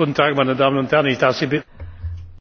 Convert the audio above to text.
guten tag meine damen und herren!